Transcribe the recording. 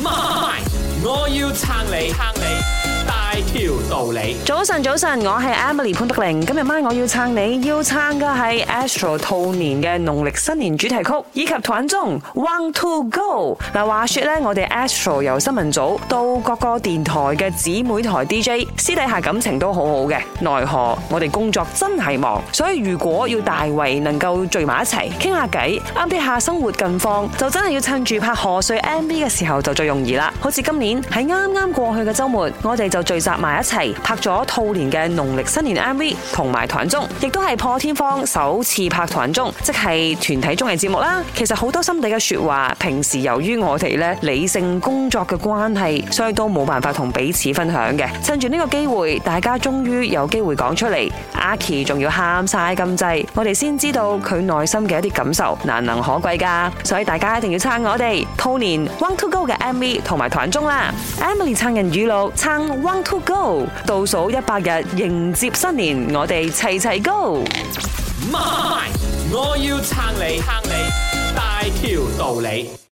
MY，我要撐你，撐你。條道理。早晨，早晨，我係 Emily 潘德玲。今日晚我要撐你，要撐嘅係 Astro 兔年嘅農曆新年主題曲，以及團綜旺兔 GOLD。嗱，話說呢我哋 Astro 由新聞組到各個電台嘅姊妹台 DJ，私底下感情都好好嘅。奈何我哋工作真係忙，所以如果要大圍能夠聚埋一齊傾下偈，啱啲下生活近況，就真係要趁住拍賀歲 MV 嘅時候就最容易啦。好似今年喺啱啱過去嘅周末，我哋就聚。集埋一齊拍咗兔年嘅農曆新年 M V 同埋團綜，亦都係破天荒首次拍團綜，即係團體綜藝節目啦。其實好多心底嘅說話，平時由於我哋咧理性工作嘅關係，所以都冇辦法同彼此分享嘅。趁住呢個機會，大家終於有機會講出嚟。阿琪仲要喊晒咁滯，我哋先知道佢內心嘅一啲感受，難能可貴噶。所以大家一定要撐我哋兔年旺兔 GOLD 嘅 M V 同埋團綜啦。Emily 撐人語錄，撐旺兔 Go！倒數一百日迎接新年，我哋齊齊 Go。媽，我要撐你，撐你，大條道理。